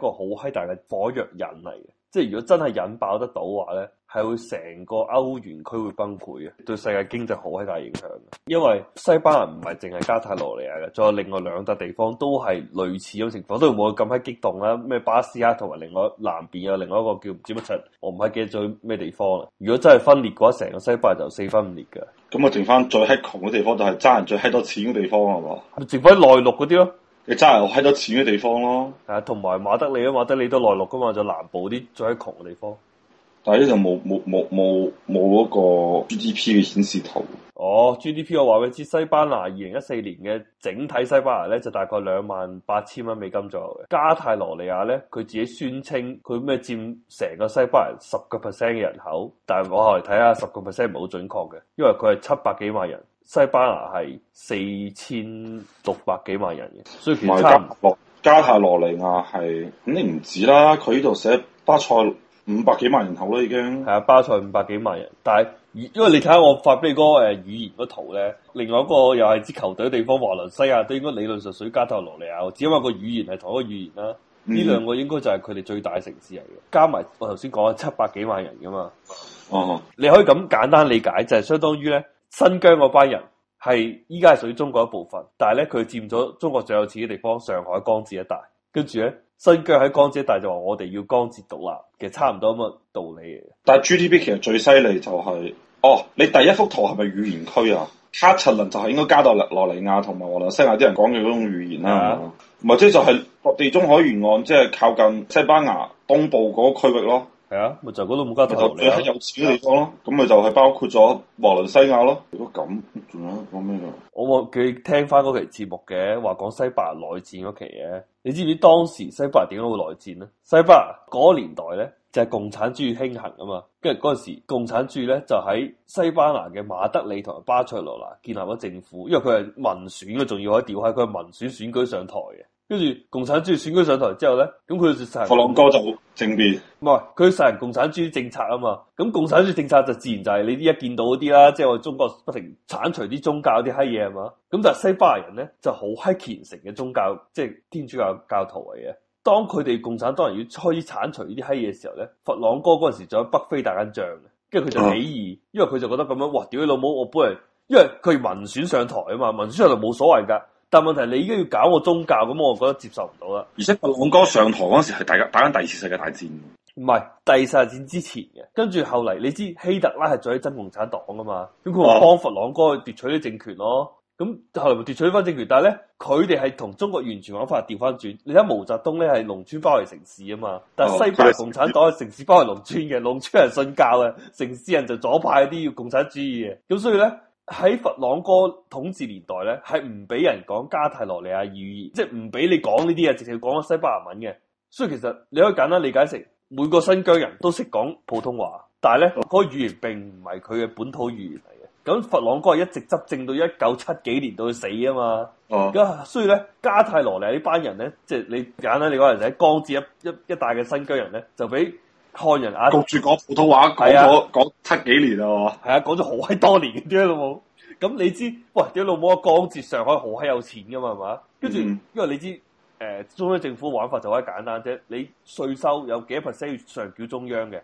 一個好閪大嘅火藥引嚟嘅，即係如果真係引爆得到嘅話咧，係會成個歐元區會崩潰嘅，對世界經濟好閪大影響。因為西班牙唔係淨係加泰羅尼亞嘅，仲有另外兩笪地方都係類似咁情況。當然唔好咁閪激動啦，咩巴斯克同埋另外南邊有另外一個叫唔知乜七，我唔係記得咗咩地方啦。如果真係分裂嘅話，成個西班牙就四分五裂噶。咁啊，剩翻最閪窮嘅地方就係、是、賺人最閪多錢嘅地方係咪？剩翻內陸嗰啲咯。你揸喺多錢嘅地方咯，係啊，同埋馬德里啊，馬德里都內陸㗎嘛，就南部啲最窮嘅地方。但係咧就冇冇冇冇冇嗰個 GDP 嘅顯示圖。哦、oh，GDP 我話畀你知，西班牙二零一四年嘅整體西班牙咧就大概兩萬八千蚊美金左右嘅。加泰羅尼亞咧佢自己宣稱佢咩佔成個西班牙十個 percent 嘅人口，但係我後嚟睇下十個 percent 唔係好準確嘅，因為佢係七百幾萬人，西班牙係四千六百幾萬人嘅，所以其實加，加泰羅尼亞係咁你唔止啦，佢呢度寫巴塞。五百幾萬人口啦，已經係啊，巴塞五百幾萬人，但係因為你睇下我發俾你嗰誒語言嗰圖咧，另外一個又係支球隊地方，華倫西亞都應該理論上屬於加泰羅尼亞，只因為個語言係同一個語言啦。呢、嗯、兩個應該就係佢哋最大城市嚟嘅，加埋我頭先講嘅七百幾萬人噶嘛。哦、嗯，你可以咁簡單理解，就係、是、相當於咧新疆嗰班人係依家係屬於中國一部分，但係咧佢佔咗中國最有錢嘅地方，上海江、江浙一帶。跟住咧，新疆喺江浙，大就話我哋要江浙獨立，其實差唔多咁嘅道理。但係 GDP 其實最犀利就係、是，哦，你第一幅圖係咪語言區啊？喀擦林就係應該加泰羅尼亞同埋俄羅西亞啲人講嘅嗰種語言啦，唔係即就係、是、地中海沿岸，即、就、係、是、靠近西班牙東部嗰個區域咯。係啊，咪就嗰度冇交頭接耳。喺有錢嘅地方咯，咁咪、啊、就係包括咗華倫西亞咯。如果咁，仲有講咩嘅？我我佢聽翻嗰期節目嘅，話講西班牙內戰嗰期嘅。你知唔知當時西班牙點解會內戰咧？西班牙嗰個年代咧就係、是、共產主義興行啊嘛。跟住嗰陣時，共產主義咧就喺西班牙嘅馬德里同埋巴塞羅那建立咗政府，因為佢係民選嘅，仲要可以調喺佢係民選選舉上台嘅。跟住共產主義選舉上台之後咧，咁佢殺人。佛朗哥就好政變。唔係佢殺人共產主義政策啊嘛，咁共產主義政策就自然就係你依一見到嗰啲啦，即係我哋中國不停剷除啲宗教啲閪嘢係嘛。咁但係西班牙人咧就好閪虔誠嘅宗教，即係天主教教徒嚟嘅。當佢哋共產當然要摧剷除呢啲閪嘢嘅時候咧，佛朗哥嗰陣仲喺北非打緊仗嘅，跟住佢就起義，啊、因為佢就覺得咁樣，哇！屌你老母，我本嚟，因為佢民選上台啊嘛，民選上台冇所謂㗎。但問題，你依家要搞我宗教，咁我覺得接受唔到啦。而且朗哥上台嗰時係打緊打緊第二次世界大戰，唔係第二次世界大戰之前嘅。跟住後嚟，你知希特拉係最憎共產黨噶嘛？咁佢話幫佛朗哥去奪取啲政權咯。咁後嚟咪奪取翻政權？但係咧，佢哋係同中國完全玩法調翻轉。你睇毛澤東咧係農村包圍城市啊嘛，但係西班牙共產黨係城市包圍農村嘅，農村人信教嘅，城市人就左派啲要共產主義嘅。咁所以咧。喺佛朗哥統治年代咧，係唔俾人講加泰羅尼亞語言，即係唔俾你講呢啲啊，直接講咗西班牙文嘅。所以其實你可以簡單理解成每個新疆人都識講普通話，但係咧嗰個語言並唔係佢嘅本土語言嚟嘅。咁佛朗哥係一直執政到一九七幾年到佢死啊嘛。咁、嗯、所以咧，加泰羅尼亞呢班人咧，即係你簡單你講係就係江浙一一一帶嘅新疆人咧，就俾。看人啊，焗住講普通話講咗、啊、講七幾年啊嘛，係啊，講咗好閪多年嘅啫。老母。咁你知，喂啲老母啊，江浙上海好閪有錢噶嘛，係嘛？跟住、嗯，因為你知，誒、呃、中央政府玩法就係簡單啫，你稅收有幾 percent 要上繳中央嘅，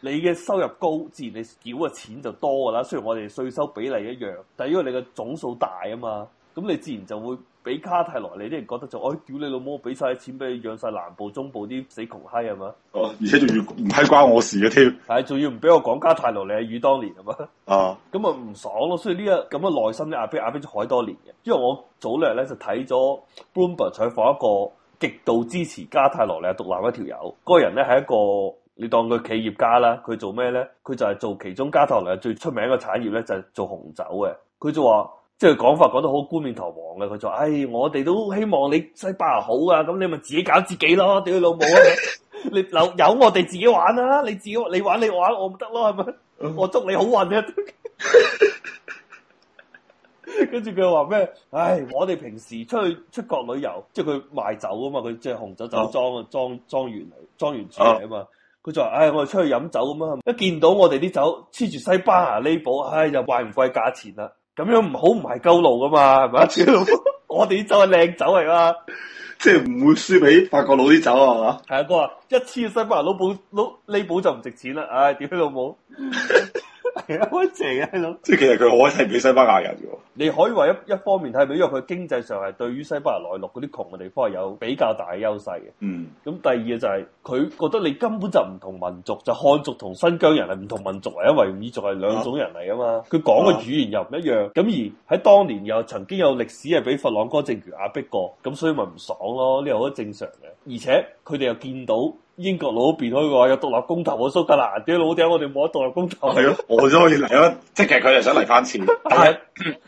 你嘅收入高，啊、自然你繳嘅錢就多噶啦。雖然我哋稅收比例一樣，但係因為你嘅總數大啊嘛。咁你自然就會俾加泰羅尼啲人覺得就，哎，屌你老母，俾晒錢俾你養晒南部中部啲死窮閪係嘛？哦，而且仲要唔係 關我事嘅添。係，仲要唔俾我講加泰羅尼亞語當年係嘛？啊，咁啊唔爽咯。所以呢個咁嘅內心咧，壓迫壓迫咗好多年嘅。因為我早兩日咧就睇咗 Bloomberg 採訪一個極度支持加泰羅尼亞獨立一條友。嗰個人咧係一個，你當佢企業家啦。佢做咩咧？佢就係做其中加泰羅尼亞最出名嘅產業咧，就係、是、做紅酒嘅。佢就話。即係講法講得好冠冕堂皇嘅，佢就話：，唉、哎，我哋都希望你西班牙好啊，咁你咪自己搞自己咯，屌你老母啊！ 你留有我哋自己玩啦，啊，你自己你玩你玩，我唔得咯，係咪？我祝你好運啊！跟住佢又話咩？唉、哎，我哋平時出去出，去出去國旅遊，即係佢賣酒啊嘛，佢即係紅酒酒莊、嗯、啊，莊莊園嚟，莊園主嚟啊嘛。佢就話：，唉，我哋出去飲酒咁啊，一見到我哋啲酒黐住西班牙呢部，唉、哎，又貴唔貴價錢啦？咁樣唔好唔係鳩路噶嘛，係咪啊？ 我哋啲酒係靚酒嚟嘛，即係唔會輸俾法國佬啲酒啊，係嘛？係啊，不過，一支西班牙佬保攞呢保就唔值錢啦，唉，屌你老母，係啊，好邪啊，老。即係其實佢好睇唔起西班牙人噶。你可以話一一方面睇，因為佢經濟上係對於西班牙內陸嗰啲窮嘅地方係有比較大嘅優勢嘅。嗯，咁第二嘅就係、是、佢覺得你根本就唔同民族，就漢族同新疆人係唔同民族嚟，因為民族係兩種人嚟啊嘛。佢講嘅語言又唔一樣，咁、啊、而喺當年又曾經有歷史係俾佛朗哥政權壓迫過，咁所以咪唔爽咯。呢個好正常嘅，而且佢哋又見到。英國佬變開個話有獨立公投，我蘇格蘭啲老頂我哋冇得獨立公投。係咯，我都可以嚟咯，即係佢哋想嚟翻次。但係，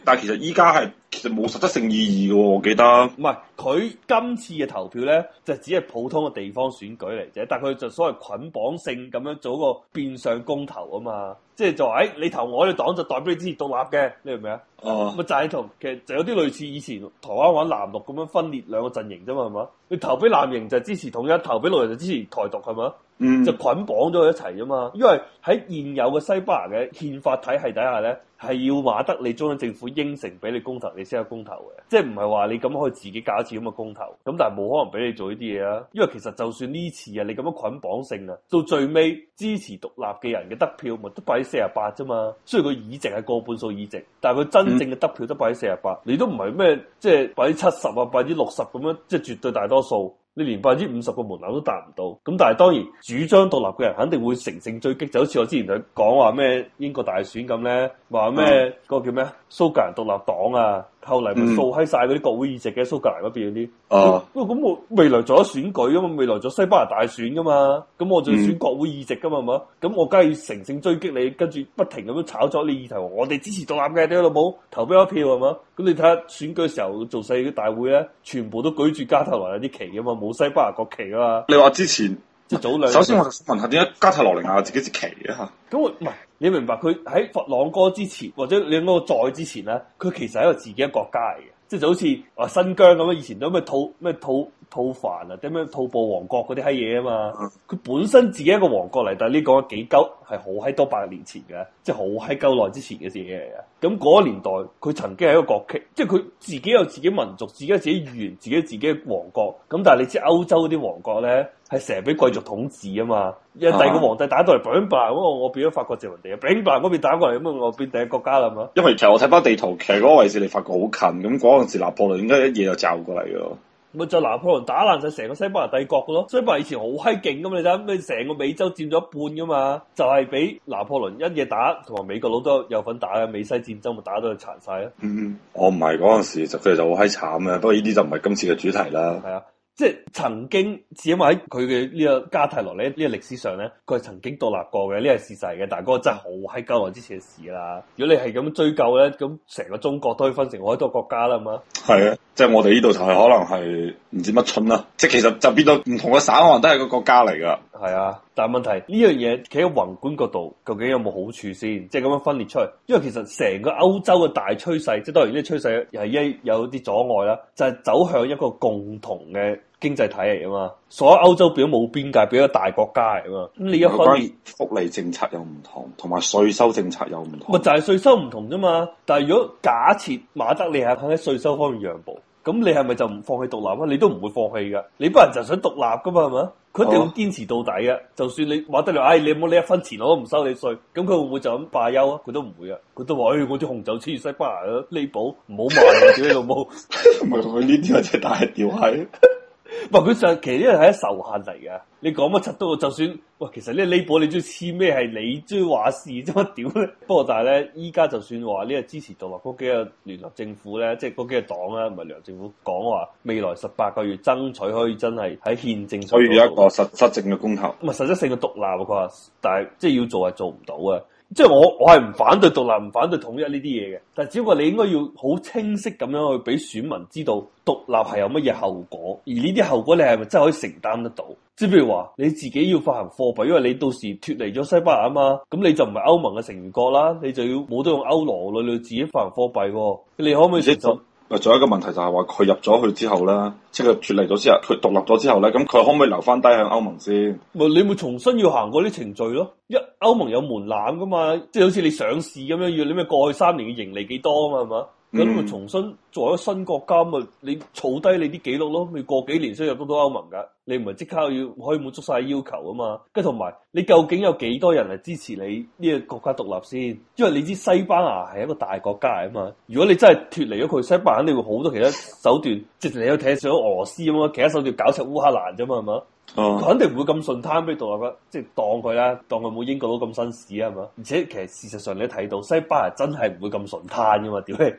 但係其實而家係。其實冇實質性意義嘅，我記得、啊。唔係，佢今次嘅投票咧，就只係普通嘅地方選舉嚟啫。但係佢就所謂捆綁性咁樣做一個變相公投啊嘛。即係就話、是哎，你投我哋黨就代表你支持獨立嘅，你明唔明啊？哦、嗯，咪就係同其實就有啲類似以前台灣玩藍綠咁樣分裂兩個陣營啫嘛，係嘛？你投俾藍營就支持統一，投俾綠營就支持台獨，係嘛？嗯，就捆綁咗佢一齊啊嘛。因為喺現有嘅西班牙嘅憲法體系底下咧。係要話得你中央政府應承俾你公投，你先有公投嘅，即係唔係話你咁可以自己搞一次咁嘅公投？咁但係冇可能俾你做呢啲嘢啊！因為其實就算呢次啊，你咁樣捆綁性啊，到最尾支持獨立嘅人嘅得票咪都擺喺四十八啫嘛。雖然佢議席係過半數議席，但係佢真正嘅得票都擺喺四十八，嗯、你都唔係咩即係擺喺七十啊，擺喺六十咁樣，即係絕對大多數。你連百分之五十個門檻都達唔到，咁但係當然主張獨立嘅人肯定會乘勝追擊，就好似我之前佢講話咩英國大選咁咧，話咩嗰個叫咩啊，蘇格蘭獨立黨啊。後嚟咪掃閪曬嗰啲國會議席嘅蘇格蘭嗰邊嗰啲，哦、嗯，咁咁我未來做咗選舉啊嘛，未來做西班牙大選噶嘛，咁我就要選國會議席噶嘛，咁、嗯、我梗係要乘勝追擊你，跟住不停咁樣炒作啲議題，我哋支持獨立嘅啲老母投俾一票係嘛？咁你睇下選舉嘅時候做勢嘅大會咧，全部都舉住加泰羅尼亞啲旗啊嘛，冇西班牙國旗啊嘛。你話之前即係早兩首，首先我就想問下點解加泰羅尼亞自己隻旗啊？咁我唔係。你明白佢喺佛朗哥之前或者你嗰個在之前咧，佢其實係一個自己嘅國家嚟嘅，即、就、係、是、就好似話新疆咁樣，以前都咩吐咩吐吐蕃啊，點樣吐蕃王國嗰啲閪嘢啊嘛，佢本身自己一個王國嚟，但係呢個幾鳩係好閪多百年前嘅，即係好閪夠耐之前嘅事嚟嘅。咁、那、嗰、個、年代佢曾經係一個國旗，即係佢自己有自己民族、自己自己語言、自己有自己嘅王國。咁但係你知歐洲啲王國咧？係成日俾貴族統治啊嘛，因為第二個皇帝打到嚟，boom r 我我變咗法國殖民地啊 b o r 嗰邊打過嚟咁啊，我變第一國家啦嘛。因為其實我睇翻地圖，其實嗰個位置你發覺好近，咁嗰陣時拿破崙應該一夜就罩過嚟咯。咪就拿破崙打爛晒成個西班牙帝國嘅咯，西班牙以前好閪勁噶嘛，你睇，咪成個美洲佔咗一半噶嘛，就係、是、俾拿破崙一夜打，同埋美國佬都有份打嘅美西戰爭咪打到佢殘晒。咯。嗯，我唔係嗰陣時就，就佢哋就好閪慘嘅，不過呢啲就唔係今次嘅主題啦。係啊。即係曾經，只因為喺佢嘅呢個加泰羅尼亞，呢個歷史上咧，佢係曾經獨立過嘅，呢係事實嘅。但係嗰個真係好喺久耐之前嘅事啦。如果你係咁追究咧，咁成個中國都可以分成好多國家啦嘛。係啊，即係我哋呢度就係可能係唔知乜春啦。即係其實就變到唔同嘅省行都係個國家嚟㗎。係啊，但係問題呢樣嘢企喺宏觀角度，究竟有冇好處先？即係咁樣分裂出去，因為其實成個歐洲嘅大趨勢，即係當然呢個趨勢又係一有啲阻礙啦，就係、是、走向一個共同嘅經濟體嚟啊嘛。所有歐洲變咗冇邊界，變咗大國家嚟啊嘛。咁另一方面，福利政策又唔同，同埋稅收政策又唔同。咪就係稅收唔同啫嘛。但係如果假設馬德里係肯喺稅收方面讓步。咁你係咪就唔放棄獨立啊？你都唔會放棄噶，你班人就想獨立噶嘛，係咪？佢一定要堅持到底嘅，哦、就算你話得嚟，唉、哎，你冇你一分錢我都唔收你稅，咁佢會唔會就咁罷休啊？佢都唔會嘅，佢都話，誒、哎，我啲紅酒黐西班牙嘅呢寶唔好賣， 你老母，唔係同佢呢啲，我只大條閪。 唔係佢上期，因為係一受限嚟噶。你講乜柒都，就算。哇，其實個你你呢啲波你中意黐咩？係你中意話事啫嘛？屌咧？不過但係咧，依家就算話呢個支持獨立嗰幾個聯合政府咧，即係嗰幾個黨唔係聯合政府講話未來十八個月爭取可以真係喺憲政，所以有一個實質性功效實質性嘅公投。唔係實質性嘅獨立，佢話，但係即係要做係做唔到啊。即係我我係唔反對獨立，唔反對統一呢啲嘢嘅，但係只不過你應該要好清晰咁樣去俾選民知道獨立係有乜嘢後果，而呢啲後果你係咪真係可以承擔得到？即係譬如話你自己要發行貨幣，因為你到時脫離咗西班牙啊嘛，咁你就唔係歐盟嘅成員國啦，你就要冇得用歐羅，你你自己發行貨幣，你可唔可以接受？喂，仲有一個問題就係話佢入咗去之後咧，即係佢脱離咗之，之後，佢獨立咗之後咧，咁佢可唔可以留翻低向歐盟先？唔，你咪重新要行過啲程序咯。因歐盟有門檻噶嘛，即係好似你上市咁樣，要你咩過去三年嘅盈利幾多啊嘛，係嘛？咁咪、嗯、重新做一個新國家，咪你儲低你啲記錄咯，咪過幾年先入得到歐盟㗎。你唔係即刻要可以滿足晒要求啊嘛？跟住同埋你究竟有幾多人嚟支持你呢個國家獨立先？因為你知西班牙係一個大國家嚟啊嘛。如果你真係脫離咗佢，西班牙肯定會好多其他手段，直情嚟去踢上俄羅斯咁啊。其他手段搞出烏克蘭啫嘛，係嘛？佢、啊、肯定唔會咁順攤俾獨立嘅，即係當佢啦，當佢冇英國佬咁紳士啊，係嘛？而且其實事實上你睇到西班牙真係唔會咁順攤噶嘛？點咧？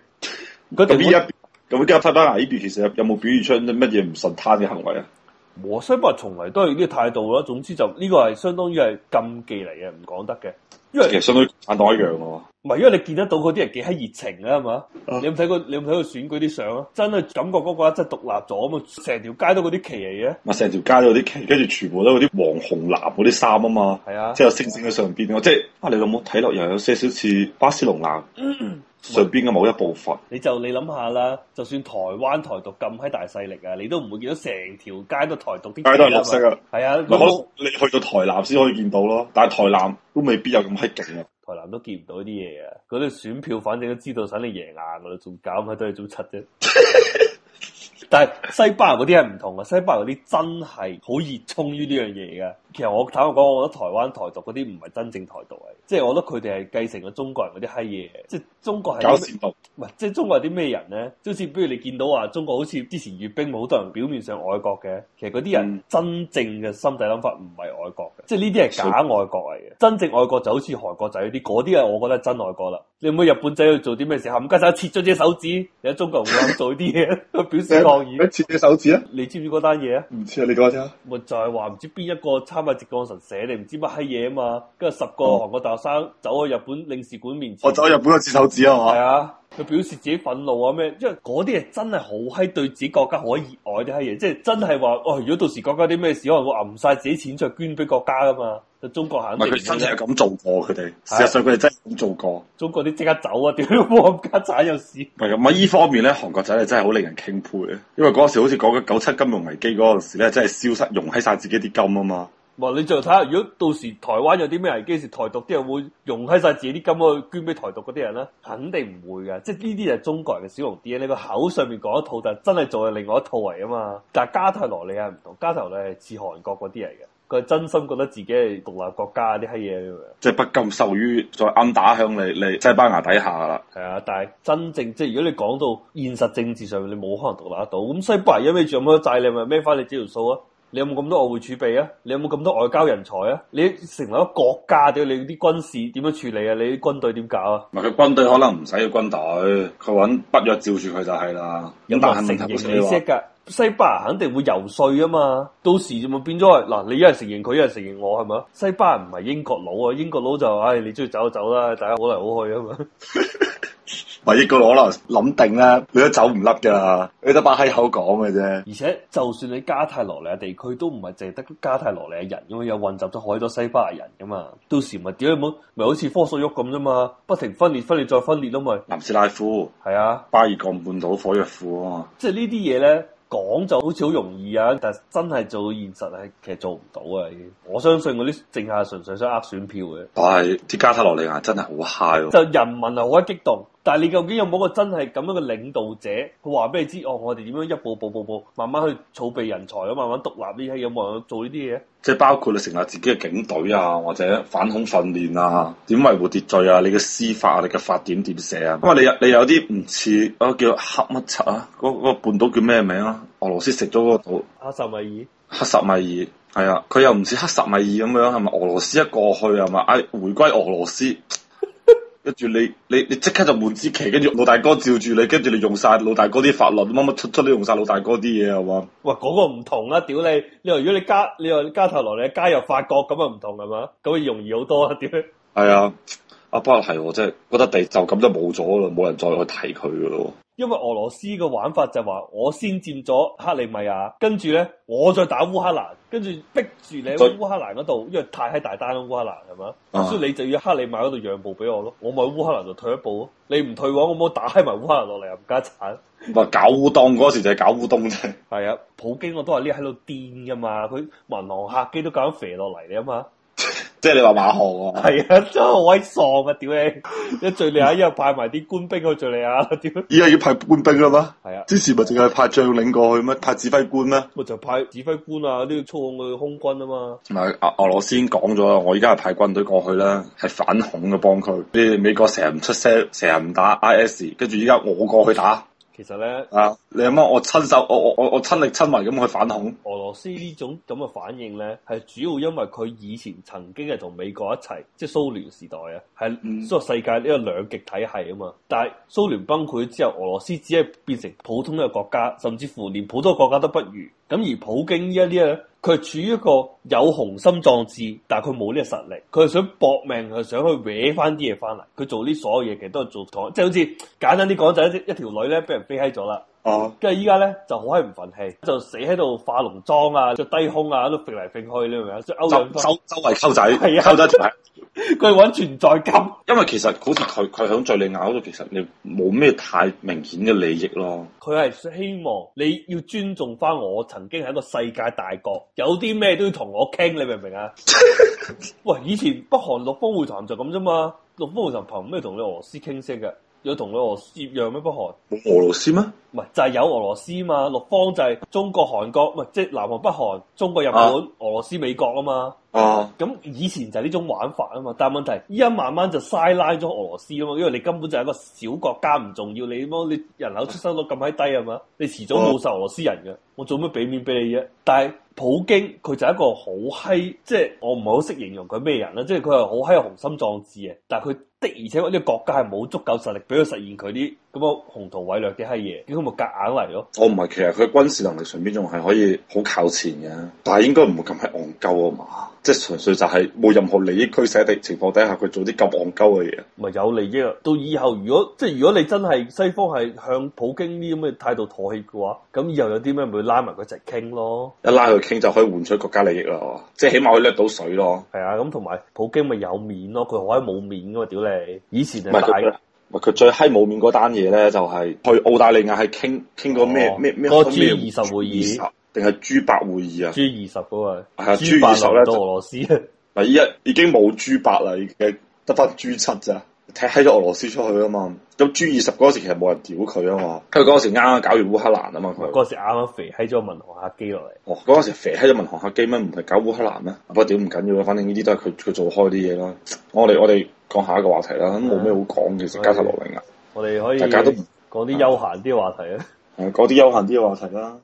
咁呢 一邊，咁呢邊西班牙呢邊，其實有冇表現出啲乜嘢唔順攤嘅行為啊？我相信從嚟都係呢個態度咯，總之就呢個係相當於係禁忌嚟嘅，唔講得嘅。因為其實相當於產黨一樣嘅唔係，因為你見得到嗰啲人幾閪熱情啊，係嘛？嗯、你有冇睇過？你有冇睇過選舉啲相啊？真係感覺嗰個真係獨立咗啊嘛！成條街都嗰啲旗嚟嘅。咪成條街都嗰啲旗，跟住全部都嗰啲黃紅藍嗰啲衫啊嘛。係啊，即係有星星喺上邊。嗯、即係啊，你有冇睇落又有些少似巴塞隆拿？嗯上邊嘅某一部分，你就你諗下啦，就算台灣台獨咁閪大勢力啊，你都唔會見到成條街都台獨啲街都係綠色啊，係啊不，你，不你去到台南先可以見到咯，但係台南都未必有咁閪勁啊，台南都見唔到啲嘢啊，嗰啲選票反正都知道想你贏啊，我哋仲搞乜都係做七啫。 但係西班牙嗰啲係唔同嘅，西班牙嗰啲真係好熱衷於呢樣嘢嘅。其實我坦白講，我覺得台灣台獨嗰啲唔係真正台獨嚟，即係我覺得佢哋係繼承咗中國人嗰啲閪嘢。即係中國係搞事黨，即係中國係啲咩人咧？好似不如你見到話中國好似之前閲兵，好多人表面上愛國嘅，其實嗰啲人真正嘅心底諗法唔係愛國嘅，即係呢啲係假愛國嚟嘅。真正愛國就好似韓國仔啲，嗰啲係我覺得真愛國啦。你唔會日本仔去做啲咩時候，唔加手切咗隻手指，你喺中國唔敢做啲嘢， 表示切隻手指啊！你知唔知嗰單嘢啊？唔切啊！你講下先。咪就係話唔知邊一個參拜直江神社你唔知乜閪嘢啊嘛！跟住十個韓國大學生走去日本領事館面前。嗯、我走日本個切手指啊嘛！係啊，佢、啊、表示自己憤怒啊咩，因為嗰啲嘢真係好閪，對自己國家好熱愛啲閪嘢，即係、就是、真係話，哦、哎、如果到時國家啲咩事，可能會揞晒自己錢出捐俾國家噶嘛。中國行，唔係佢真正係咁做過，佢哋事實上佢哋真係咁做過。中國啲即刻走啊！點冇咁家產有事？唔係，唔係呢方面咧，韓國仔係真係好令人敬佩咧。因為嗰時好似講緊九七金融危機嗰陣時咧，真係消失融喺晒自己啲金啊嘛。唔係，你再睇下，如果到時台灣有啲咩危機，時台獨啲人會融喺晒自己啲金去捐俾台獨嗰啲人咧，肯定唔會嘅。即係呢啲就係中國人嘅小農啲嘢，你口上面講一套，但真係做係另外一套嚟啊嘛。但係加泰羅尼亞係唔同，加泰羅尼係似韓國嗰啲嚟嘅。佢真心覺得自己係獨立國家啲係嘢，即係不禁受於再暗打響你，你西班牙底下啦。係啊，但係真正即係如果你講到現實政治上面，你冇可能獨立得到。咁西班牙因為仲有冇債，你咪孭翻你呢條數啊？你有冇咁多外匯儲備啊？你有冇咁多外交人才啊？你成為一個國家，對你啲軍事點樣處理啊？你啲軍隊點搞啊？唔係佢軍隊可能唔使個軍隊，佢搵北約照住佢就係啦。咁但係你識噶，西班牙肯定會遊說啊嘛。到時就咪變咗嗱，你一係承認佢，一係承認我，係咪啊？西班牙唔係英國佬啊，英國佬就唉、哎，你中意走就走啦，大家好來好去啊嘛。 唯一個可能諗定啦，你都走唔甩噶啦，你都把閪口講嘅啫。而且就算你加泰羅尼亞地區都唔係淨係得加泰羅尼亞人，因為又混雜咗好多西班牙人噶嘛。到時咪點都冇，咪好似科索沃咁啫嘛，不停分裂、分裂再分裂咯嘛。南斯拉夫係啊，巴爾幹半島火藥庫啊嘛。即係呢啲嘢咧講就好似好容易啊，但係真係做到現實係其實做唔到啊。我相信嗰啲淨係純粹想呃選票嘅。但係啲加泰羅尼亞真係好嗨，就人民啊，好一激動。但係你究竟有冇個真係咁樣嘅領導者？佢話俾你知，哦，我哋點樣一步步步步慢慢去儲備人才，咁慢慢獨立呢啲嘢，有冇人做呢啲嘢？即係包括你成立自己嘅警隊啊，或者反恐訓練啊，點維護秩序啊，你嘅司法啊，你嘅法典點寫啊？因為你有你有啲唔似啊，叫黑乜柒啊？嗰個半島叫咩名啊？俄羅斯食咗嗰個島。克什米爾。克什米爾係啊，佢又唔似克什米爾咁樣，係咪俄羅斯一過去係咪啊？回歸俄羅斯。跟住你，你你即刻就換支旗，跟住老大哥照住你，跟住你用晒老大哥啲法律，乜乜出出都用晒老大哥啲嘢啊嘛！哇，嗰、嗰個唔同啦，啊，屌你！你話如果你加，你話加頭來，你加入法國咁啊唔同係嘛？咁啊容易好多啊，屌？係啊。阿伯係我真係覺得地就咁就冇咗啦，冇人再去提佢咯。因為俄羅斯嘅玩法就係話我先佔咗克里米亞，跟住咧我再打烏克蘭，跟住逼住你喺烏克蘭嗰度，因為太喺大單啦，烏克蘭係嘛，所以你就要克里米亞嗰度讓步俾我咯，我咪烏克蘭就退一步咯。你唔退嘅話，我冇打埋烏克蘭落嚟又唔加鏟。唔係搞烏冬嗰時就係搞烏冬啫。係啊，普京我都話呢喺度癲噶嘛，佢民航客機都搞肥落嚟你啊嘛。即係你話馬航喎，係啊，真係好威喪啊！屌你，一敘利亞啊，依家派埋啲官兵去敘利亞啊！屌，依家要派官兵啦嘛？係啊，之前咪淨係派將領過去咩？派指揮官咩？咪就派指揮官啊！都要操控佢嘅空軍啊嘛。唔係俄俄羅斯已經講咗啦，我而家係派軍隊過去啦，係反恐嘅幫佢。你哋美國成日唔出聲，成日唔打 I S，跟住依家我過去打。其實咧、啊，你阿媽我親手，我我我我親力親為咁去反恐。俄羅斯呢種咁嘅反應咧，係主要因為佢以前曾經係同美國一齊，即係蘇聯時代啊，係呢個世界呢個兩極體系啊嘛。但係蘇聯崩潰之後，俄羅斯只係變成普通一個國家，甚至乎連普通國家都不如。咁而普京呢一啲咧。佢處於一個有雄心壯志，但係佢冇呢個實力。佢係想搏命，係想去搲翻啲嘢翻嚟。佢做啲所有嘢，其實都係做錯，即係好似簡單啲講，就係一一條女咧，俾人飛閪咗啦。哦，跟住依家咧就好係唔忿氣，就死喺度化濃妝啊，着低胸啊，喺度揈嚟揈去，你明唔明？即係歐陽周周圍溝仔，係啊，溝仔，佢係搵存在感，因為其實好似佢佢響敘利亞嗰度，其實你冇咩太明顯嘅利益咯。佢係希望你要尊重翻我曾經係一個世界大國，有啲咩都要同我傾，你明唔明啊？ 喂，以前北韓六方會談就咁啫嘛，六方會談憑咩同你俄羅斯傾偈嘅？有同俄羅斯一樣咩？北韓俄羅斯咩？唔係就係、是、有俄羅斯嘛！六方就係中國、韓國，唔係即南韓、北韓、中國、日本、啊、俄羅斯、美國啊嘛！啊！咁、嗯、以前就呢種玩法啊嘛，但係問題依家慢慢就嘥拉咗俄羅斯啊嘛，因為你根本就係一個小國家唔重要你，你么你人口出生率咁閪低啊嘛，你遲早冇晒俄羅斯人嘅，我做咩俾面俾你啫？但係普京佢就係一個好閪，即係我唔係好識形容佢咩人啦，即係佢係好閪雄心壯志啊！但係佢的而且呢個國家係冇足夠實力俾佢實現佢啲。咁啊，洪屠偉虐啲閪嘢，點解咪夾硬嚟咯。我唔係，其實佢軍事能力上邊仲係可以好靠前嘅，但係應該唔會咁係戇鳩啊嘛。即係純粹就係冇任何利益驅使嘅情況底下，佢做啲咁戇鳩嘅嘢。唔係有利益啊。到以後，如果即係如果你真係西方係向普京呢啲咁嘅態度妥協嘅話，咁以後有啲咩咪拉埋佢一齊傾咯。一拉佢傾就可以換取國家利益啦，即係起碼可以甩到水咯。係啊，咁同埋普京咪有面咯，佢可以冇面噶嘛？屌你，以前就係。佢最閪冇面嗰單嘢咧，就係、是、去澳大利亞係傾傾個咩咩咩咩咩？G 二十會議，定係 G 八會議啊？G 二十嗰個，G 二十咧俄羅斯。嗱，依家已經冇 G 八啦，只已經得返 G 七咋。踢喺咗俄羅斯出去啊嘛，咁 G 二十嗰時其實冇人屌佢啊嘛，因為佢嗰時啱啱搞完烏克蘭啊嘛，佢嗰時啱啱肥喺咗民航客機落嚟。哦，嗰陣時肥喺咗民航客機，咩，唔係搞烏克蘭咩？不過屌唔緊要啦，反正呢啲都係佢佢做開啲嘢啦。我哋我哋講下一個話題啦，咁冇咩好講其實加泰羅尼亞啊。我哋可以大家都講啲休閒啲話題啊。係 講啲休閒啲嘅話題啦。